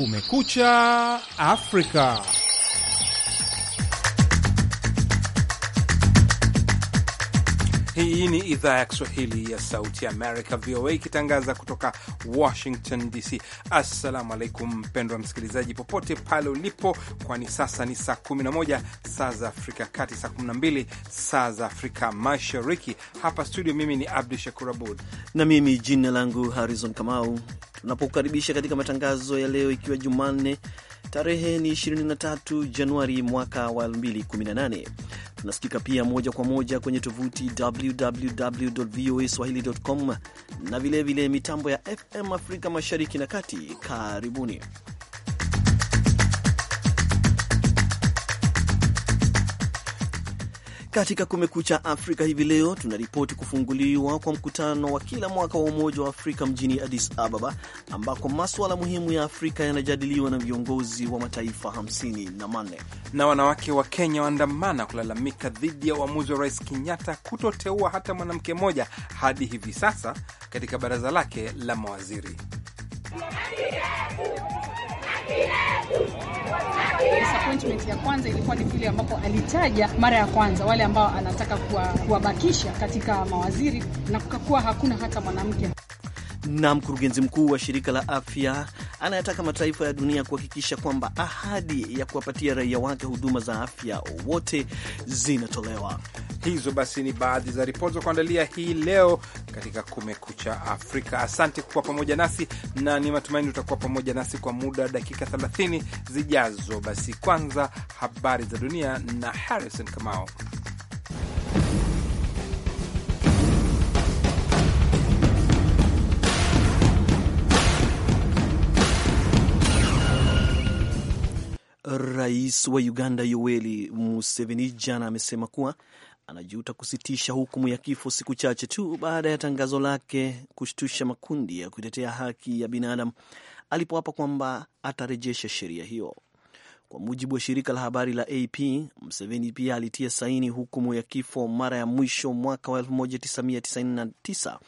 Kumekucha Afrika. Hii ni idhaa ya Kiswahili ya Sauti Amerika, VOA, ikitangaza kutoka Washington DC. Assalamu alaikum, mpendwa msikilizaji, popote pale ulipo, kwani sasa ni saa 11 saa za Afrika Kati, saa 12 saa za Afrika Mashariki. Hapa studio, mimi ni Abdu Shakur Abud na mimi jina langu Harrison Kamau, tunapokaribisha katika matangazo ya leo, ikiwa Jumanne Tarehe ni 23 Januari mwaka wa 2018. Tunasikika pia moja kwa moja kwenye tovuti www voa swahili.com na vilevile vile mitambo ya FM Afrika mashariki na kati. Karibuni. Katika Kumekucha Afrika hivi leo tunaripoti kufunguliwa kwa mkutano wa kila mwaka wa Umoja wa Afrika mjini Addis Ababa, ambako maswala muhimu ya Afrika yanajadiliwa na viongozi wa mataifa 5 na Na wanawake wa Kenya waandamana kulalamika dhidi ya uamuzi wa Rais Kenyatta kutoteua hata mwanamke mmoja hadi hivi sasa katika baraza lake la mawaziri Disappointment ya kwanza ilikuwa ni vile ambapo alitaja mara ya kwanza wale ambao anataka kuwabakisha katika mawaziri na kukakuwa hakuna hata mwanamke na mkurugenzi mkuu wa shirika la afya anayetaka mataifa ya dunia kuhakikisha kwamba ahadi ya kuwapatia raia wake huduma za afya wote zinatolewa. Hizo basi ni baadhi za ripoti za kuandalia hii leo katika Kumekucha Afrika. Asante kuwa pamoja nasi, na ni matumaini utakuwa pamoja nasi kwa muda dakika 30 zijazo. Basi kwanza habari za dunia na Harrison Kamao. Rais wa Uganda Yoweri Museveni jana amesema kuwa anajuta kusitisha hukumu ya kifo siku chache tu baada ya tangazo lake kushtusha makundi ya kutetea haki ya binadamu alipoapa kwamba atarejesha sheria hiyo. Kwa mujibu wa shirika la habari la AP, Mseveni pia alitia saini hukumu ya kifo mara ya mwisho mwaka wa 1999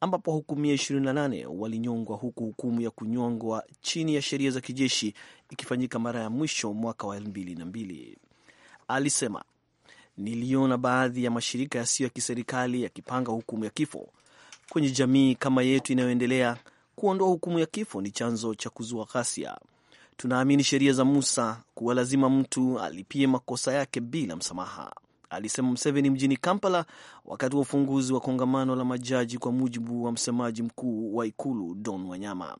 ambapo wahukumia 28 walinyongwa huku hukumu ya kunyongwa chini ya sheria za kijeshi ikifanyika mara ya mwisho mwaka wa 2002. Alisema, niliona baadhi ya mashirika yasiyo ya kiserikali yakipanga hukumu ya kifo kwenye jamii kama yetu inayoendelea. Kuondoa hukumu ya kifo ni chanzo cha kuzua ghasia. Tunaamini sheria za Musa kuwa lazima mtu alipie makosa yake bila msamaha alisema mseveni mjini Kampala wakati wa ufunguzi wa kongamano la majaji, kwa mujibu wa msemaji mkuu wa ikulu Don Wanyama.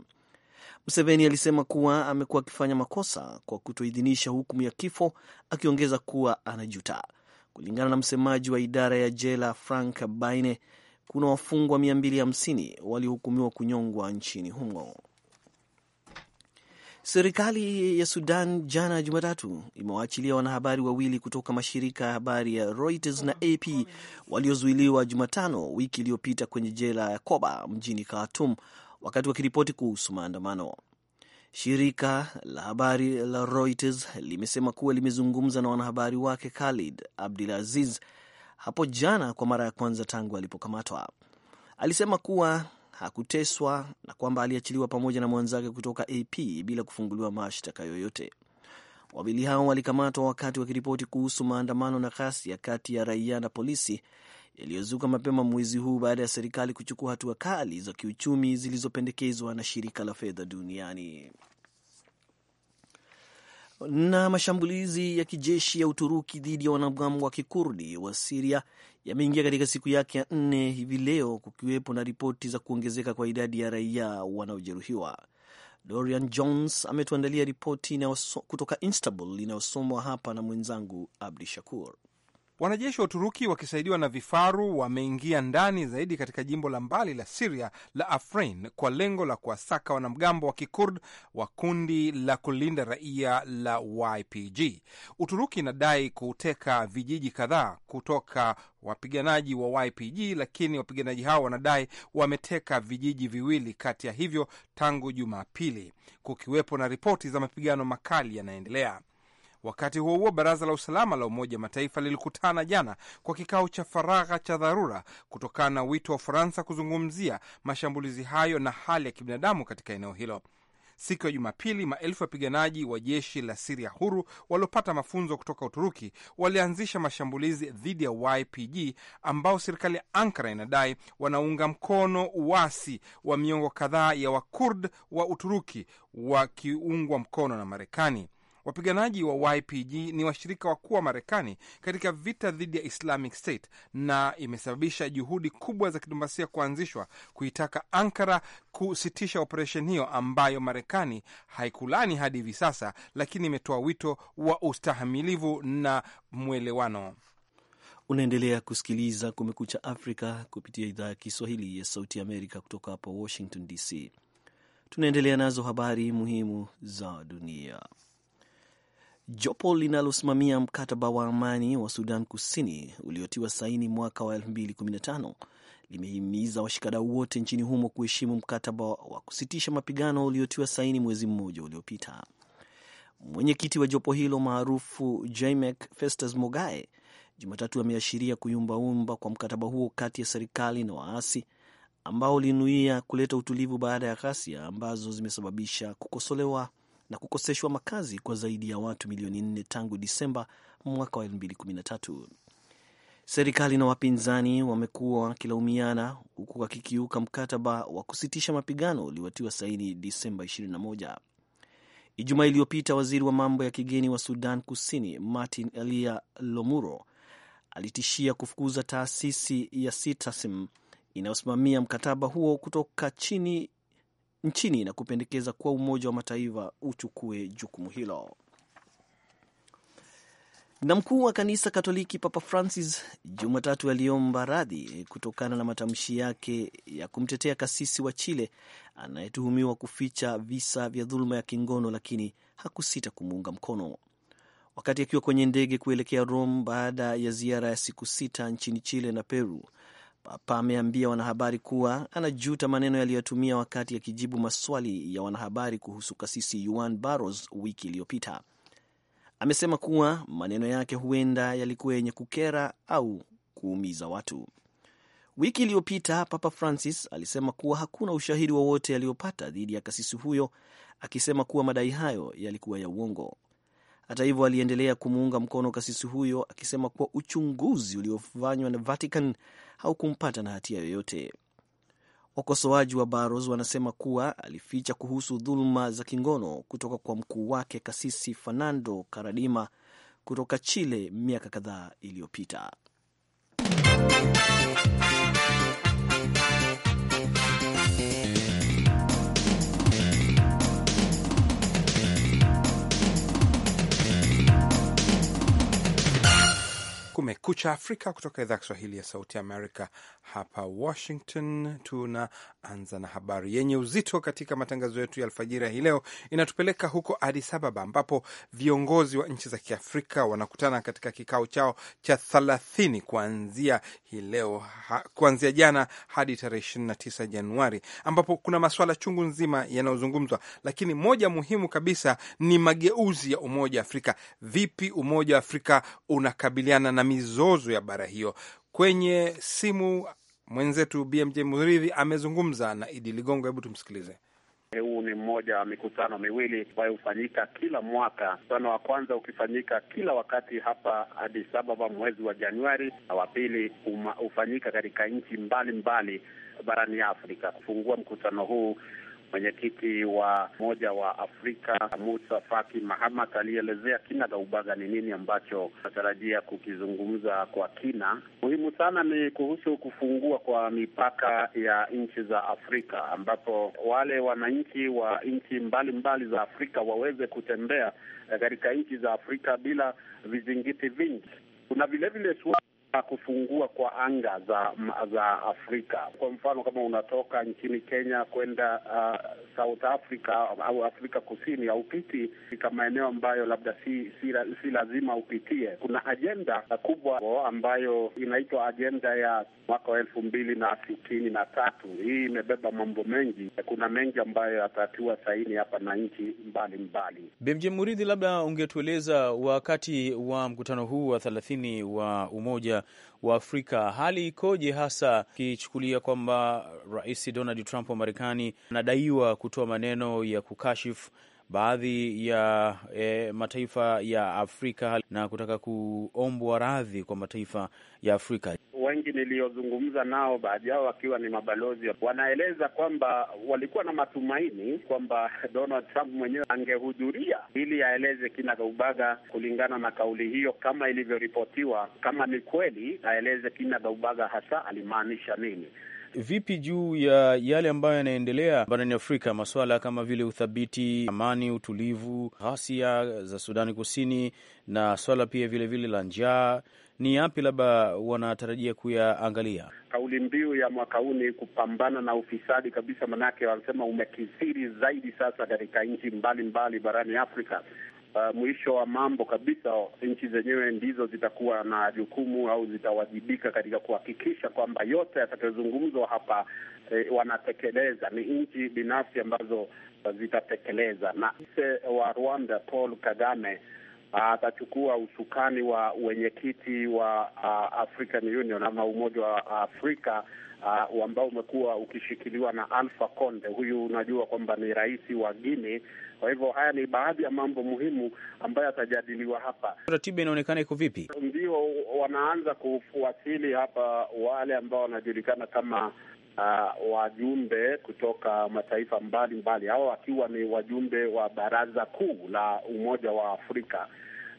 mseveni alisema kuwa amekuwa akifanya makosa kwa kutoidhinisha hukumu ya kifo, akiongeza kuwa anajuta. Kulingana na msemaji wa idara ya jela Frank Baine, kuna wafungwa 250 waliohukumiwa kunyongwa nchini humo. Serikali ya Sudan jana Jumatatu imewaachilia wanahabari wawili kutoka mashirika ya habari ya Reuters na AP waliozuiliwa Jumatano wiki iliyopita kwenye jela ya Koba mjini Khartoum wakati wakiripoti kuhusu maandamano. Shirika la habari la Reuters limesema kuwa limezungumza na wanahabari wake Khalid Abdulaziz hapo jana kwa mara ya kwanza tangu alipokamatwa. Alisema kuwa hakuteswa na kwamba aliachiliwa pamoja na mwenzake kutoka AP bila kufunguliwa mashtaka yoyote. Wawili hao walikamatwa wakati wakiripoti kuhusu maandamano na ghasia kati ya raia na polisi yaliyozuka mapema mwezi huu baada ya serikali kuchukua hatua kali za kiuchumi zilizopendekezwa na shirika la fedha duniani. Na mashambulizi ya kijeshi ya Uturuki dhidi ya wanamgambo wa kikurdi wa Siria yameingia katika siku yake ya nne hivi leo, kukiwepo na ripoti za kuongezeka kwa idadi ya raia wanaojeruhiwa. Dorian Jones ametuandalia ripoti kutoka Istanbul inayosomwa hapa na mwenzangu Abdi Shakur. Wanajeshi wa Uturuki wakisaidiwa na vifaru wameingia ndani zaidi katika jimbo la mbali la Siria la Afrin kwa lengo la kuwasaka wanamgambo wa Kikurd wa kundi la kulinda raia la YPG. Uturuki inadai kuteka vijiji kadhaa kutoka wapiganaji wa YPG, lakini wapiganaji hao wanadai wameteka vijiji viwili kati ya hivyo tangu Jumapili, kukiwepo na ripoti za mapigano makali yanaendelea. Wakati huo huo, baraza la usalama la Umoja wa Mataifa lilikutana jana kwa kikao cha faragha cha dharura kutokana na wito wa Ufaransa kuzungumzia mashambulizi hayo na hali ya kibinadamu katika eneo hilo. Siku ya Jumapili, maelfu ya wapiganaji wa jeshi la Siria huru waliopata mafunzo kutoka Uturuki walianzisha mashambulizi dhidi ya YPG ambao serikali ya Ankara inadai wanaunga mkono uasi wa miongo kadhaa ya Wakurd wa Uturuki wakiungwa mkono na Marekani. Wapiganaji wa YPG ni washirika wakuu wa Marekani katika vita dhidi ya Islamic State na imesababisha juhudi kubwa za kidiplomasia kuanzishwa kuitaka Ankara kusitisha operesheni hiyo ambayo Marekani haikulani hadi hivi sasa, lakini imetoa wito wa ustahamilivu na mwelewano. Unaendelea kusikiliza Kumekucha Afrika kupitia idhaa ya Kiswahili ya Sauti ya Amerika kutoka hapa Washington DC. Tunaendelea nazo habari muhimu za dunia. Jopo linalosimamia mkataba wa amani wa Sudan Kusini uliotiwa saini mwaka wa 2015 limehimiza washikadau wote nchini humo kuheshimu mkataba wa kusitisha mapigano uliotiwa saini mwezi mmoja uliopita. Mwenyekiti wa jopo hilo maarufu Jaimek Festus Mogae Jumatatu ameashiria kuyumbaumba kwa mkataba huo kati ya serikali na waasi ambao ulinuia kuleta utulivu baada ya ghasia ambazo zimesababisha kukosolewa na kukoseshwa makazi kwa zaidi ya watu milioni nne tangu Disemba mwaka wa tatu. Serikali na wapinzani wamekuwa wakilaumiana huku wakikiuka mkataba wa kusitisha mapigano uliotiwa saini Disemba 21. Ijumaa iliyopita waziri wa mambo ya kigeni wa Sudan Kusini Martin Elia Lomuro alitishia kufukuza taasisi ya Citasim inayosimamia mkataba huo kutoka chini nchini na kupendekeza kuwa Umoja wa Mataifa uchukue jukumu hilo. Na mkuu wa kanisa Katoliki Papa Francis Jumatatu aliomba radhi kutokana na matamshi yake ya kumtetea kasisi wa Chile anayetuhumiwa kuficha visa vya dhuluma ya kingono, lakini hakusita kumuunga mkono wakati akiwa kwenye ndege kuelekea Rome baada ya ziara ya siku sita nchini Chile na Peru. Papa ameambia wanahabari kuwa anajuta maneno yaliyotumia wakati akijibu maswali ya wanahabari kuhusu kasisi Juan Barros wiki iliyopita. Amesema kuwa maneno yake huenda yalikuwa yenye kukera au kuumiza watu. Wiki iliyopita Papa Francis alisema kuwa hakuna ushahidi wowote aliyopata dhidi ya kasisi huyo, akisema kuwa madai hayo yalikuwa ya uongo. Hata hivyo, aliendelea kumuunga mkono kasisi huyo akisema kuwa uchunguzi uliofanywa na Vatican haukumpata na hatia yoyote. Wakosoaji wa Barros wanasema kuwa alificha kuhusu dhuluma za kingono kutoka kwa mkuu wake kasisi Fernando Karadima kutoka Chile miaka kadhaa iliyopita. Kumekucha Afrika kutoka idhaa ya Kiswahili ya Sauti Amerika hapa Washington. Tunaanza na habari yenye uzito katika matangazo yetu ya alfajiri ya hii leo. Inatupeleka huko Addis Ababa ambapo viongozi wa nchi za Kiafrika wanakutana katika kikao chao cha thelathini kuanzia hii leo, kuanzia jana hadi tarehe tisa Januari, ambapo kuna maswala chungu nzima yanayozungumzwa, lakini moja muhimu kabisa ni mageuzi ya Umoja wa Afrika. Vipi Umoja wa Afrika unakabiliana na mizozo ya bara hiyo. Kwenye simu mwenzetu BMJ Muridhi amezungumza na Idi Ligongo, hebu tumsikilize. Huu ni mmoja wa mikutano miwili ambayo hufanyika kila mwaka. Mkutano wa kwanza ukifanyika kila wakati hapa Addis Ababa mwezi wa Januari, na wa pili hufanyika katika nchi mbalimbali barani Afrika. Kufungua mkutano huu Mwenyekiti wa Umoja wa Afrika Musa Faki Mahamat alielezea kina gaubaga ni nini ambacho anatarajia kukizungumza kwa kina. Muhimu sana ni kuhusu kufungua kwa mipaka ya nchi za Afrika, ambapo wale wananchi wa nchi mbalimbali za Afrika waweze kutembea katika nchi za Afrika bila vizingiti vingi. Kuna vilevile suala kufungua kwa anga za za Afrika. Kwa mfano, kama unatoka nchini Kenya kwenda uh, South Africa au Afrika Kusini, haupiti katika maeneo ambayo labda si, si, si lazima upitie. Kuna ajenda kubwa ambayo inaitwa ajenda ya mwaka wa elfu mbili na sitini na tatu. Hii imebeba mambo mengi, kuna mengi ambayo yatatiwa saini hapa na nchi mbalimbali. BMJ Muridhi, labda ungetueleza wakati wa mkutano huu wa thelathini wa Umoja wa Afrika. Hali ikoje hasa ukichukulia kwamba Rais Donald Trump wa Marekani anadaiwa kutoa maneno ya kukashifu baadhi ya e, mataifa ya Afrika na kutaka kuombwa radhi kwa mataifa ya Afrika? wengi niliyozungumza nao, baadhi yao wakiwa ni mabalozi, wanaeleza kwamba walikuwa na matumaini kwamba Donald Trump mwenyewe angehudhuria ili aeleze kinagaubaga kulingana na kauli hiyo, kama ilivyoripotiwa. Kama ni kweli, aeleze kinagaubaga hasa alimaanisha nini. Vipi juu ya yale ambayo yanaendelea barani Afrika, masuala kama vile uthabiti, amani, utulivu, ghasia za Sudani Kusini na swala pia vilevile la njaa ni yapi labda wanatarajia kuyaangalia? Kauli mbiu ya mwaka huu ni kupambana na ufisadi kabisa, manake wanasema umekithiri zaidi sasa katika nchi mbalimbali barani Afrika. Uh, mwisho wa mambo kabisa, nchi zenyewe ndizo zitakuwa na jukumu au zitawajibika katika kuhakikisha kwamba yote yatakayozungumzwa hapa eh, wanatekeleza. Ni nchi binafsi ambazo uh, zitatekeleza, na rais eh, wa Rwanda Paul Kagame atachukua usukani wa wenyekiti wa uh, African Union ama Umoja wa Afrika uh, ambao umekuwa ukishikiliwa na Alpha Conde. Huyu unajua kwamba ni rais wa Guinea. Kwa hivyo haya ni baadhi ya mambo muhimu ambayo yatajadiliwa hapa. Ratiba inaonekana iko vipi? Ndio wanaanza kuwasili hapa wale ambao wanajulikana kama uh, wajumbe kutoka mataifa mbalimbali, hao wakiwa ni wajumbe wa baraza kuu la Umoja wa Afrika,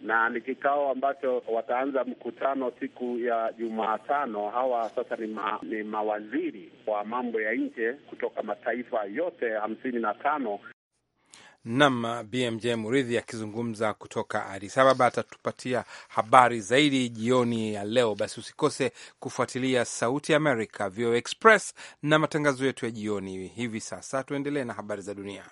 na ni kikao ambacho wataanza mkutano siku ya Jumatano. Hawa sasa ni, ma, ni mawaziri wa mambo ya nje kutoka mataifa yote hamsini na tano Nam BMJ Muridhi akizungumza kutoka adis Ababa atatupatia habari zaidi jioni ya leo. Basi usikose kufuatilia Sauti America, VOA Express na matangazo yetu ya jioni. Hivi sasa tuendelee na habari za dunia.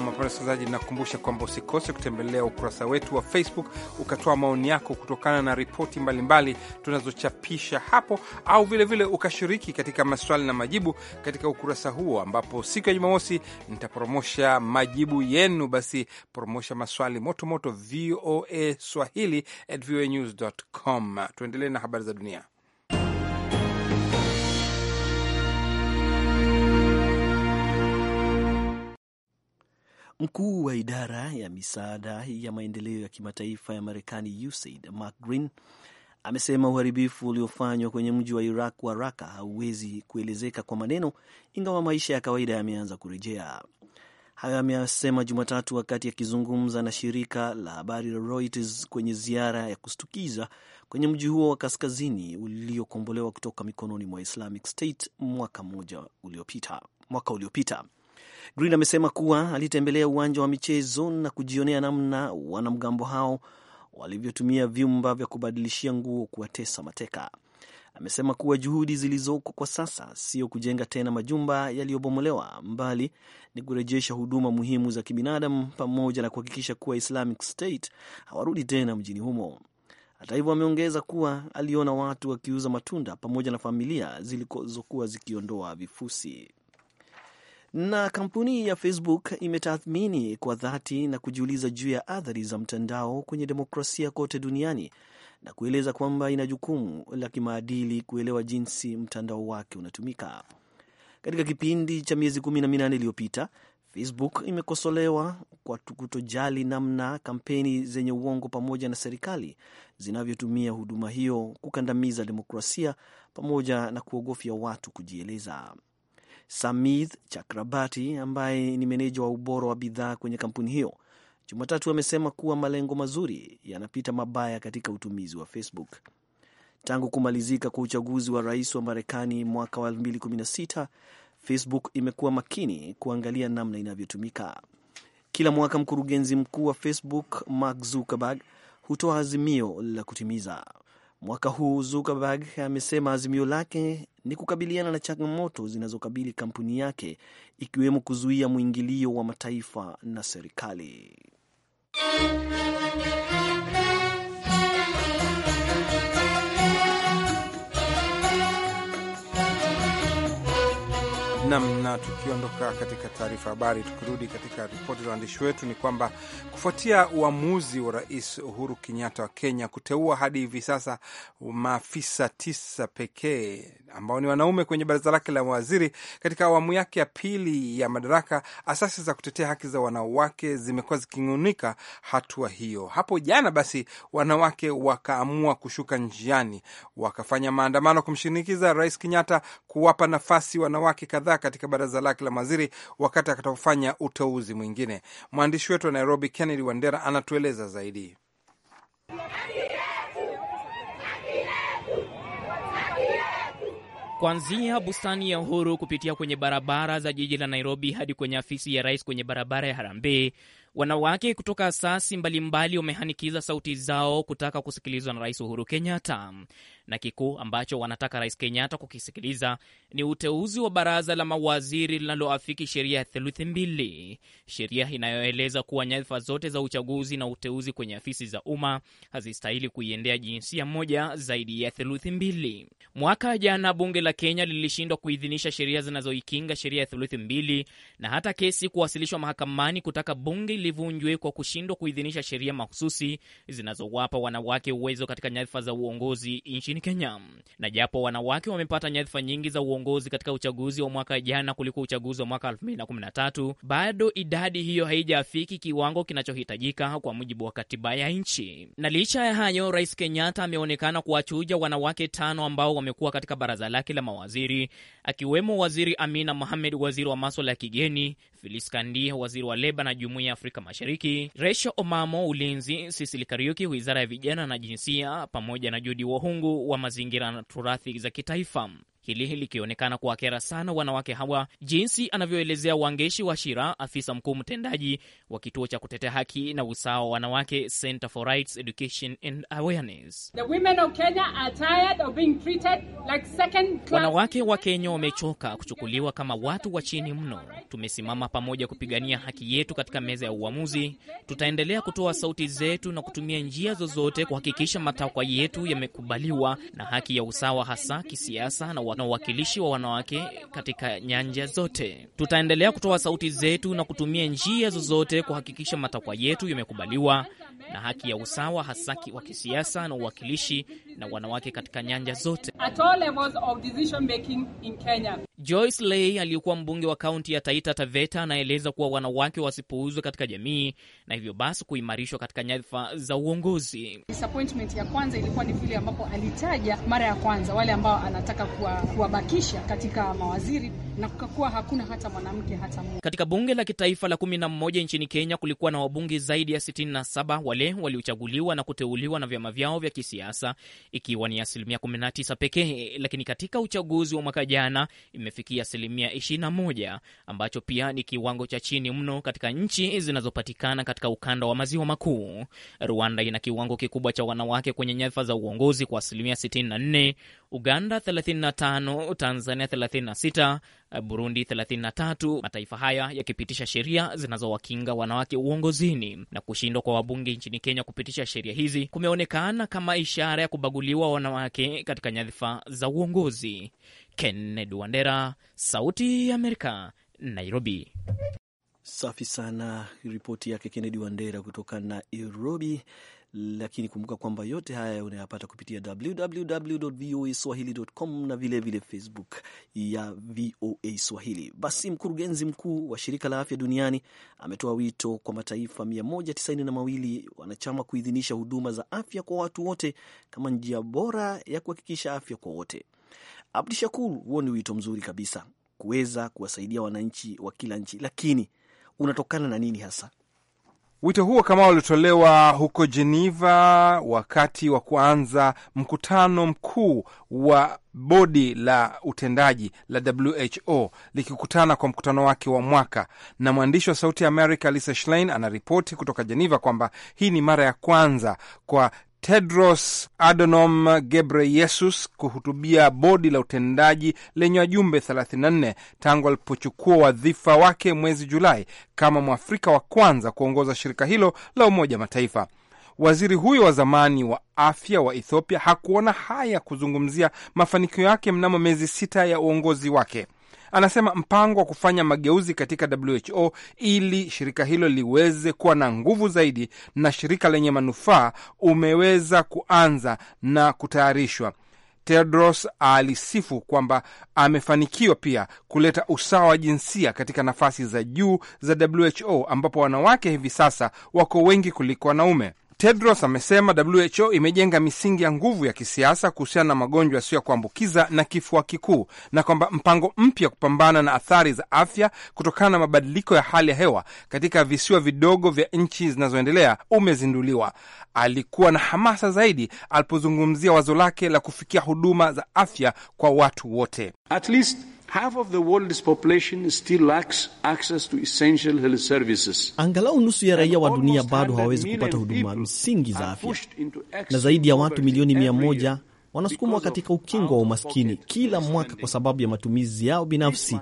na wapenda wasikilizaji, nakukumbusha kwamba usikose kutembelea ukurasa wetu wa Facebook ukatoa maoni yako kutokana na ripoti mbalimbali tunazochapisha hapo, au vilevile vile ukashiriki katika maswali na majibu katika ukurasa huo, ambapo siku ya Jumamosi nitapromosha majibu yenu. Basi promosha maswali motomoto, voa swahili at voanews.com. Tuendelee na habari za dunia. Mkuu wa idara ya misaada ya maendeleo ya kimataifa ya Marekani, USAID, Mark Green amesema uharibifu uliofanywa kwenye mji wa Iraq wa Raka hauwezi kuelezeka kwa maneno, ingawa maisha ya kawaida yameanza kurejea. Hayo ameyasema Jumatatu wakati akizungumza na shirika la habari la Reuters kwenye ziara ya kustukiza kwenye mji huo wa kaskazini uliokombolewa kutoka mikononi mwa Islamic State mwaka uliopita. Green amesema kuwa alitembelea uwanja wa michezo na kujionea namna wanamgambo hao walivyotumia vyumba vya kubadilishia nguo kuwatesa mateka. Amesema kuwa juhudi zilizoko kwa sasa sio kujenga tena majumba yaliyobomolewa, mbali ni kurejesha huduma muhimu za kibinadamu pamoja na kuhakikisha kuwa Islamic State hawarudi tena mjini humo. Hata hivyo, ameongeza kuwa aliona watu wakiuza matunda pamoja na familia zilizokuwa zikiondoa vifusi. Na kampuni ya Facebook imetathmini kwa dhati na kujiuliza juu ya athari za mtandao kwenye demokrasia kote duniani na kueleza kwamba ina jukumu la kimaadili kuelewa jinsi mtandao wake unatumika. Katika kipindi cha miezi kumi na minane iliyopita, Facebook imekosolewa kwa kutojali namna kampeni zenye uongo pamoja na serikali zinavyotumia huduma hiyo kukandamiza demokrasia pamoja na kuogofya watu kujieleza. Samith Chakrabati ambaye ni meneja wa ubora wa bidhaa kwenye kampuni hiyo Jumatatu amesema kuwa malengo mazuri yanapita mabaya katika utumizi wa Facebook. Tangu kumalizika kwa uchaguzi wa rais wa Marekani mwaka wa 2016, Facebook imekuwa makini kuangalia namna inavyotumika. Kila mwaka mkurugenzi mkuu wa Facebook Mark Zuckerberg hutoa azimio la kutimiza. Mwaka huu Zuckerberg amesema azimio lake ni kukabiliana na changamoto zinazokabili kampuni yake ikiwemo kuzuia mwingilio wa mataifa na serikali. Namna tukiondoka katika taarifa habari, tukirudi katika ripoti za waandishi wetu ni kwamba kufuatia uamuzi wa Rais Uhuru Kenyatta wa Kenya kuteua hadi hivi sasa maafisa tisa pekee ambao ni wanaume kwenye baraza lake la mawaziri katika awamu yake ya pili ya madaraka. Asasi za kutetea haki za wanawake zimekuwa ziking'unika hatua hiyo. Hapo jana basi wanawake wakaamua kushuka njiani, wakafanya maandamano kumshinikiza Rais Kenyatta kuwapa nafasi wanawake kadhaa katika baraza lake la mawaziri wakati akatofanya uteuzi mwingine. Mwandishi wetu wa Nairobi, Kennedy Wandera, anatueleza zaidi. kuanzia bustani ya Uhuru kupitia kwenye barabara za jiji la Nairobi hadi kwenye afisi ya rais kwenye barabara ya Harambee. Wanawake kutoka asasi mbalimbali wamehanikiza sauti zao kutaka kusikilizwa na Rais Uhuru Kenyatta na kikuu ambacho wanataka Rais Kenyatta kukisikiliza ni uteuzi wa baraza la mawaziri linaloafiki sheria ya theluthi mbili, sheria inayoeleza kuwa nyadhifa zote za uchaguzi na uteuzi kwenye afisi za umma hazistahili kuiendea jinsia moja zaidi ya theluthi mbili. Mwaka jana bunge la Kenya lilishindwa kuidhinisha sheria zinazoikinga sheria ya theluthi mbili na hata kesi kuwasilishwa mahakamani kutaka bunge livunjwe kwa kushindwa kuidhinisha sheria mahususi zinazowapa wanawake uwezo katika nyadhifa za uongozi nchini nchini Kenya. Na japo wanawake wamepata nyadhifa nyingi za uongozi katika uchaguzi wa mwaka jana kuliko uchaguzi wa mwaka 2013, bado idadi hiyo haijafiki kiwango kinachohitajika kwa mujibu wa katiba ya nchi. Na licha ya hayo, Rais Kenyatta ameonekana kuwachuja wanawake tano ambao wamekuwa katika baraza lake la mawaziri, akiwemo Waziri Amina Mohamed, waziri wa maswala ya kigeni, Filis Kandia, waziri wa leba na jumuiya ya Afrika Mashariki, Resha Omamo, ulinzi, Sisili Kariuki, wizara ya vijana na jinsia, pamoja na Judi Wahungu wa mazingira na turathi za kitaifa hili likionekana kuwakera sana wanawake hawa, jinsi anavyoelezea Wangeshi wa Shira, afisa mkuu mtendaji wa kituo cha kutetea haki na usawa wa wanawake, Center for Rights Education and Awareness. Wanawake wa Kenya wamechoka kuchukuliwa kama watu wa chini mno. Tumesimama pamoja kupigania haki yetu katika meza ya uamuzi. Tutaendelea kutoa sauti zetu na kutumia njia zozote kuhakikisha matakwa yetu yamekubaliwa na haki ya usawa, hasa kisiasa na na uwakilishi wa wanawake katika nyanja zote. Tutaendelea kutoa sauti zetu na kutumia njia zozote kuhakikisha matakwa yetu yamekubaliwa na haki ya usawa hasa wa kisiasa na uwakilishi na wanawake katika nyanja zote. Joyce Ley aliyekuwa mbunge wa kaunti ya Taita Taveta anaeleza kuwa wanawake wasipuuzwe katika jamii na hivyo basi kuimarishwa katika nyadhifa za uongozi. Disappointment ya kwanza ilikuwa ni vile ambapo alitaja mara ya kwanza wale ambao anataka kuwabakisha kuwa katika mawaziri na kukakuwa hakuna hata mwanamke hata mmoja. Katika bunge la kitaifa la kumi na mmoja nchini Kenya kulikuwa na wabunge zaidi ya 67 wale waliochaguliwa na kuteuliwa na vyama vyao vya kisiasa ikiwa ni asilimia 19 pekee, lakini katika uchaguzi wa mwaka jana imefikia asilimia 21, ambacho pia ni kiwango cha chini mno katika nchi zinazopatikana katika ukanda wa maziwa makuu. Rwanda ina kiwango kikubwa cha wanawake kwenye nyadhifa za uongozi kwa asilimia 64 Uganda 35, Tanzania 36, Burundi 33, mataifa haya yakipitisha sheria zinazowakinga wanawake uongozini. Na kushindwa kwa wabunge nchini Kenya kupitisha sheria hizi kumeonekana kama ishara ya kubaguliwa wanawake katika nyadhifa za uongozi. Kennedy Wandera, Sauti ya Amerika, Nairobi. Safi sana ripoti yake Kennedy Wandera kutoka Nairobi. Lakini kumbuka kwamba yote haya unayapata kupitia www.voaswahili.com na vilevile vile Facebook ya VOA Swahili. Basi mkurugenzi mkuu wa shirika la afya duniani ametoa wito kwa mataifa mawili wanachama kuidhinisha huduma za afya kwa watu wote kama njia bora ya kuhakikisha afya kwa wote. Abdi Shakur, huo ni wito mzuri kabisa kuweza kuwasaidia wananchi wa kila nchi, lakini unatokana na nini hasa? Wito huo kama ulitolewa huko Geneva wakati wa kuanza mkutano mkuu wa bodi la utendaji la WHO likikutana kwa mkutano wake wa mwaka. Na mwandishi wa Sauti ya Amerika Lisa Schlein anaripoti kutoka Geneva kwamba hii ni mara ya kwanza kwa Tedros Adhanom Ghebreyesus kuhutubia bodi la utendaji lenye wajumbe 34 tangu alipochukua wadhifa wake mwezi Julai kama Mwafrika wa kwanza kuongoza shirika hilo la Umoja Mataifa. Waziri huyo wa zamani wa afya wa Ethiopia hakuona haya kuzungumzia mafanikio yake mnamo miezi sita ya uongozi wake. Anasema mpango wa kufanya mageuzi katika WHO ili shirika hilo liweze kuwa na nguvu zaidi na shirika lenye manufaa umeweza kuanza na kutayarishwa. Tedros alisifu kwamba amefanikiwa pia kuleta usawa wa jinsia katika nafasi za juu za WHO ambapo wanawake hivi sasa wako wengi kuliko wanaume. Tedros amesema WHO imejenga misingi ya nguvu ya kisiasa kuhusiana na magonjwa yasiyo ya kuambukiza na kifua kikuu na kwamba mpango mpya kupambana na athari za afya kutokana na mabadiliko ya hali ya hewa katika visiwa vidogo vya nchi zinazoendelea umezinduliwa. Alikuwa na hamasa zaidi alipozungumzia wazo lake la kufikia huduma za afya kwa watu wote. At least Half of the world's population still lacks access to essential health services. Angalau nusu ya raia wa dunia bado hawawezi kupata huduma msingi za afya, na zaidi ya watu milioni mia moja wanasukumwa katika ukingo wa umaskini kila mwaka kwa sababu ya matumizi yao binafsi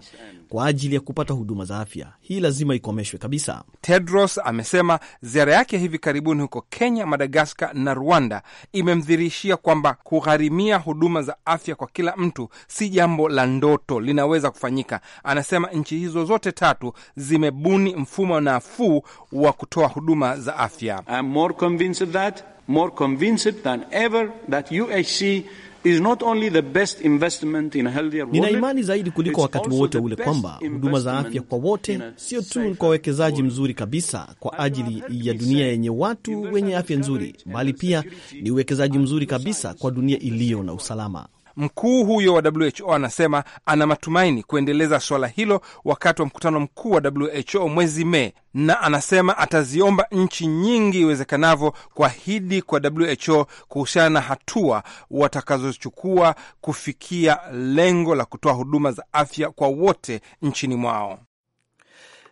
kwa ajili ya kupata huduma za afya. Hii lazima ikomeshwe kabisa. Tedros amesema ziara yake hivi karibuni huko Kenya, Madagaskar na Rwanda imemdhirishia kwamba kugharimia huduma za afya kwa kila mtu si jambo la ndoto, linaweza kufanyika. Anasema nchi hizo zote tatu zimebuni mfumo nafuu wa kutoa huduma za afya. I'm more convinced that more convinced than ever that UHC is not only the best investment in a healthier world. Nina imani zaidi kuliko wakati wowote ule kwamba huduma za afya kwa wote sio tu kwa uwekezaji mzuri kabisa kwa ajili ya dunia yenye watu wenye afya nzuri, bali pia ni uwekezaji mzuri kabisa kwa dunia iliyo na usalama. Mkuu huyo wa WHO anasema ana matumaini kuendeleza suala hilo wakati wa mkutano mkuu wa WHO mwezi Mei, na anasema ataziomba nchi nyingi iwezekanavyo kuahidi kwa WHO kuhusiana na hatua watakazochukua kufikia lengo la kutoa huduma za afya kwa wote nchini mwao.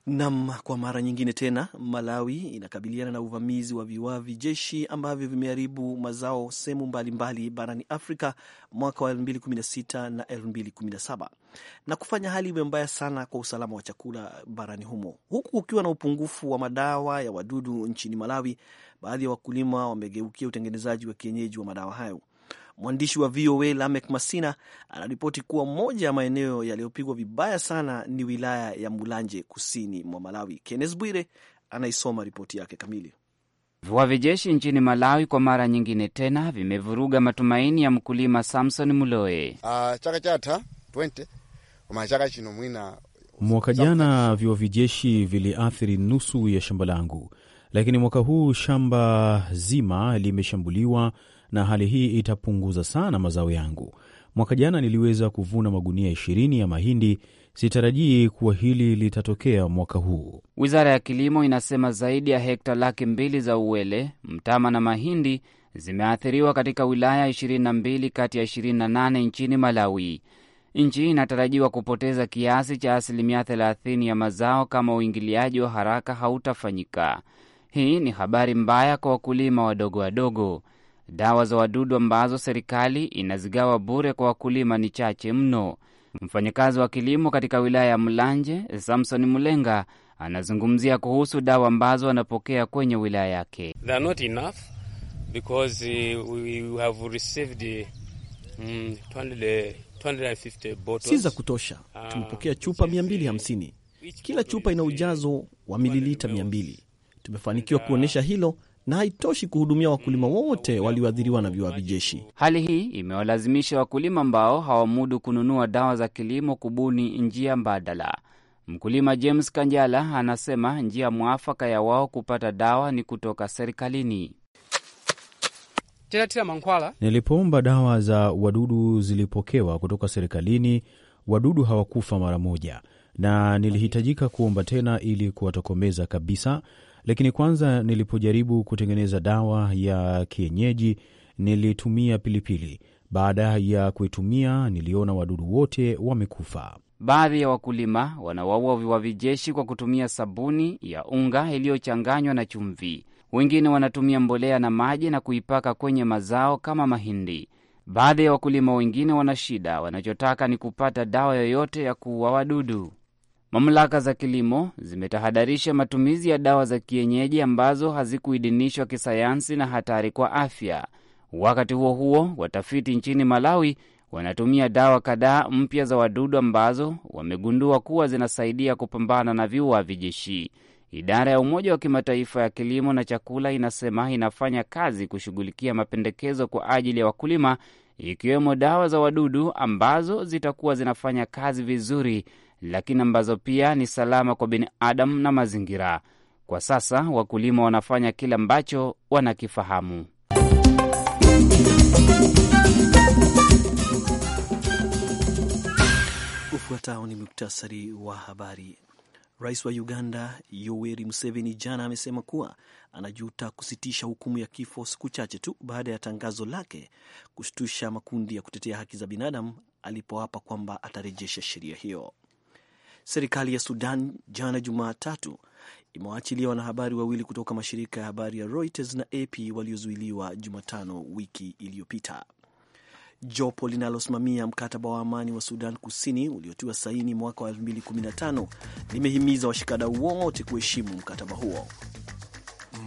Nam, kwa mara nyingine tena Malawi inakabiliana na uvamizi wa viwavi jeshi ambavyo vimeharibu mazao sehemu mbalimbali barani Afrika mwaka wa 2016 na 2017 na kufanya hali iwe mbaya sana kwa usalama wa chakula barani humo. Huku kukiwa na upungufu wa madawa ya wadudu nchini Malawi, baadhi ya wakulima wamegeukia utengenezaji wa kienyeji wa madawa hayo. Mwandishi wa VOA Lamek Masina anaripoti kuwa moja ya maeneo yaliyopigwa vibaya sana ni wilaya ya Mulanje, kusini mwa Malawi. Kennes Bwire anaisoma ripoti yake kamili. Vua vijeshi nchini Malawi kwa mara nyingine tena vimevuruga matumaini ya mkulima Samson Muloe. Uh, Mwaka jana vyuo vijeshi viliathiri nusu ya shamba langu, lakini mwaka huu shamba zima limeshambuliwa na hali hii itapunguza sana mazao yangu. Mwaka jana niliweza kuvuna magunia ishirini ya mahindi. Sitarajii kuwa hili litatokea mwaka huu. Wizara ya Kilimo inasema zaidi ya hekta laki mbili za uwele, mtama na mahindi zimeathiriwa katika wilaya 22 kati ya 28 nchini Malawi. Nchi inatarajiwa kupoteza kiasi cha asilimia 30 ya mazao kama uingiliaji wa haraka hautafanyika. Hii ni habari mbaya kwa wakulima wadogo wadogo. Dawa za wadudu ambazo serikali inazigawa bure kwa wakulima ni chache mno. Mfanyakazi wa kilimo katika wilaya ya Mlanje, Samson Mulenga, anazungumzia kuhusu dawa ambazo anapokea kwenye wilaya yake. Si za kutosha. Ah, Tumepokea chupa 250, kila chupa ina ujazo wa mililita 200. Tumefanikiwa kuonyesha hilo na haitoshi kuhudumia wakulima mm, wote walioathiriwa na viwavi jeshi. Hali hii imewalazimisha wakulima ambao hawamudu kununua dawa za kilimo kubuni njia mbadala. Mkulima James Kanjala anasema njia mwafaka ya wao kupata dawa ni kutoka serikalini. Nilipoomba dawa za wadudu zilipokewa kutoka serikalini. Wadudu hawakufa mara moja, na nilihitajika kuomba tena ili kuwatokomeza kabisa. Lakini kwanza nilipojaribu kutengeneza dawa ya kienyeji nilitumia pilipili. Baada ya kuitumia, niliona wadudu wote wamekufa. Baadhi ya wakulima wanawaua viwavi jeshi kwa kutumia sabuni ya unga iliyochanganywa na chumvi. Wengine wanatumia mbolea na maji na kuipaka kwenye mazao kama mahindi. Baadhi ya wakulima wengine wana shida, wanachotaka ni kupata dawa yoyote ya kuua wadudu. Mamlaka za kilimo zimetahadharisha matumizi ya dawa za kienyeji ambazo hazikuidhinishwa kisayansi na hatari kwa afya. Wakati huo huo, watafiti nchini Malawi wanatumia dawa kadhaa mpya za wadudu ambazo wamegundua kuwa zinasaidia kupambana na viua vijeshi. Idara ya Umoja wa Kimataifa ya Kilimo na Chakula inasema inafanya kazi kushughulikia mapendekezo kwa ajili ya wakulima, ikiwemo dawa za wadudu ambazo zitakuwa zinafanya kazi vizuri lakini ambazo pia ni salama kwa binadamu na mazingira. Kwa sasa wakulima wanafanya kile ambacho wanakifahamu. Ufuatao ni muktasari wa habari. Rais wa Uganda Yoweri Museveni jana amesema kuwa anajuta kusitisha hukumu ya kifo siku chache tu baada ya tangazo lake kushtusha makundi ya kutetea haki za binadamu alipoapa kwamba atarejesha sheria hiyo. Serikali ya Sudan jana Jumatatu imewaachilia wanahabari wawili kutoka mashirika ya habari ya Reuters na AP waliozuiliwa Jumatano wiki iliyopita. Jopo linalosimamia mkataba wa amani wa Sudan Kusini uliotiwa saini mwaka wa 2015 limehimiza washikadau wote kuheshimu mkataba huo.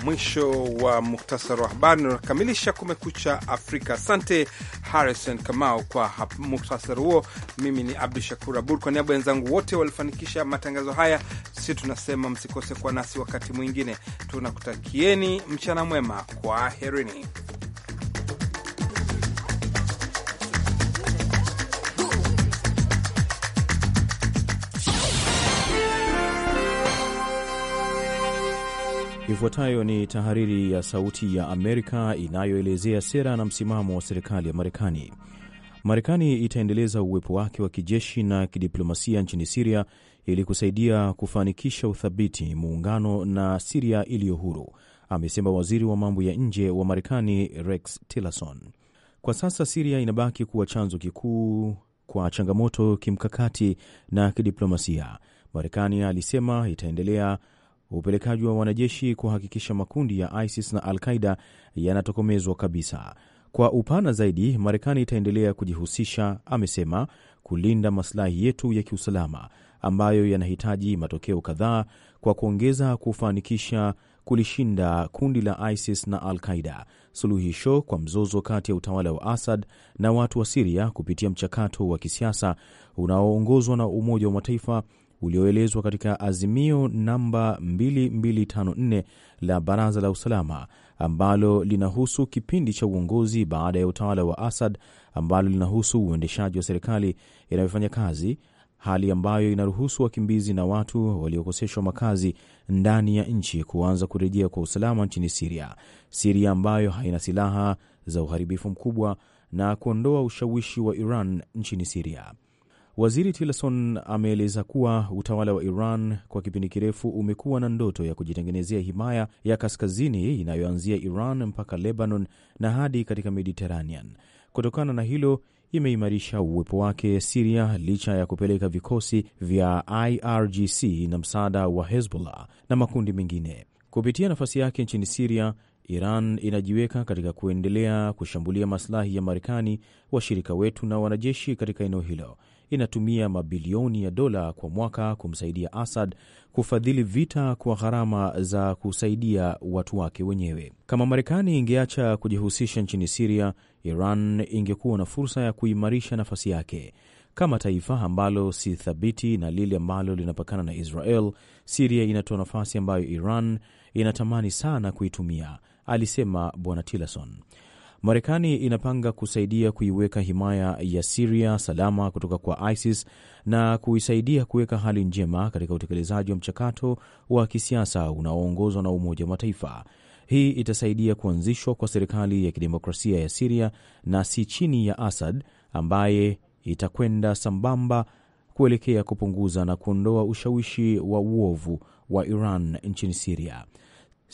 Mwisho wa muhtasari wa habari unakamilisha Kumekucha Afrika. Asante Harrison Kamau kwa muhtasari huo. Mimi ni Abdu Shakur Abud, kwa niaba wenzangu wote walifanikisha matangazo haya, si tunasema msikose kwa nasi wakati mwingine. Tunakutakieni mchana mwema, kwa herini Ifuatayo ni tahariri ya Sauti ya Amerika inayoelezea sera na msimamo wa serikali ya Marekani. Marekani itaendeleza uwepo wake wa kijeshi na kidiplomasia nchini Siria ili kusaidia kufanikisha uthabiti, muungano na Siria iliyo huru, amesema waziri wa mambo ya nje wa Marekani Rex Tillerson. Kwa sasa Siria inabaki kuwa chanzo kikuu kwa changamoto kimkakati na kidiplomasia. Marekani alisema itaendelea upelekaji wa wanajeshi kuhakikisha makundi ya ISIS na Al-Qaida yanatokomezwa kabisa. Kwa upana zaidi, Marekani itaendelea kujihusisha, amesema, kulinda masilahi yetu ya kiusalama ambayo yanahitaji matokeo kadhaa, kwa kuongeza kufanikisha kulishinda kundi la ISIS na Al-Qaida, suluhisho kwa mzozo kati ya utawala wa asad na watu wa Siria kupitia mchakato wa kisiasa unaoongozwa na Umoja wa Mataifa ulioelezwa katika azimio namba 2254 la Baraza la Usalama ambalo linahusu kipindi cha uongozi baada ya utawala wa Asad, ambalo linahusu uendeshaji wa serikali inayofanya kazi, hali ambayo inaruhusu wakimbizi na watu waliokoseshwa makazi ndani ya nchi kuanza kurejea kwa usalama nchini Siria, Siria ambayo haina silaha za uharibifu mkubwa na kuondoa ushawishi wa Iran nchini Siria. Waziri Tillerson ameeleza kuwa utawala wa Iran kwa kipindi kirefu umekuwa na ndoto ya kujitengenezea himaya ya kaskazini inayoanzia Iran mpaka Lebanon na hadi katika Mediterranean. Kutokana na hilo imeimarisha uwepo wake Siria licha ya kupeleka vikosi vya IRGC na msaada wa Hezbollah na makundi mengine. Kupitia nafasi yake nchini Siria, Iran inajiweka katika kuendelea kushambulia maslahi ya Marekani, washirika wetu na wanajeshi katika eneo hilo inatumia mabilioni ya dola kwa mwaka kumsaidia Asad kufadhili vita kwa gharama za kusaidia watu wake wenyewe. Kama Marekani ingeacha kujihusisha nchini Siria, Iran ingekuwa na fursa ya kuimarisha nafasi yake kama taifa ambalo si thabiti na lile ambalo linapakana na Israel. Siria inatoa nafasi ambayo Iran inatamani sana kuitumia, alisema Bwana Tillerson. Marekani inapanga kusaidia kuiweka himaya ya Siria salama kutoka kwa ISIS na kuisaidia kuweka hali njema katika utekelezaji wa mchakato wa kisiasa unaoongozwa na Umoja wa Mataifa. Hii itasaidia kuanzishwa kwa serikali ya kidemokrasia ya Siria na si chini ya Asad, ambaye itakwenda sambamba kuelekea kupunguza na kuondoa ushawishi wa uovu wa Iran nchini Siria.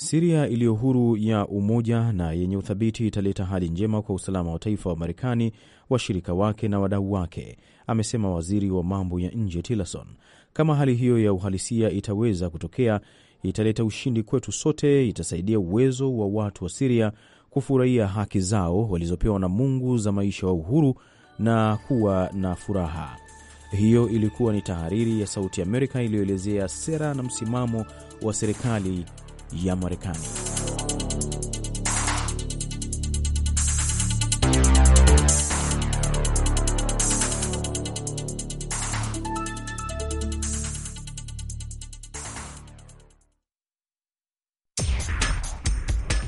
Siria iliyo huru ya umoja na yenye uthabiti italeta hali njema kwa usalama wa taifa wa Marekani, washirika wake na wadau wake, amesema waziri wa mambo ya nje Tillerson. Kama hali hiyo ya uhalisia itaweza kutokea, italeta ushindi kwetu sote, itasaidia uwezo wa watu wa Siria kufurahia haki zao walizopewa na Mungu za maisha wa uhuru na kuwa na furaha. Hiyo ilikuwa ni tahariri ya Sauti Amerika iliyoelezea sera na msimamo wa serikali ya Marekani.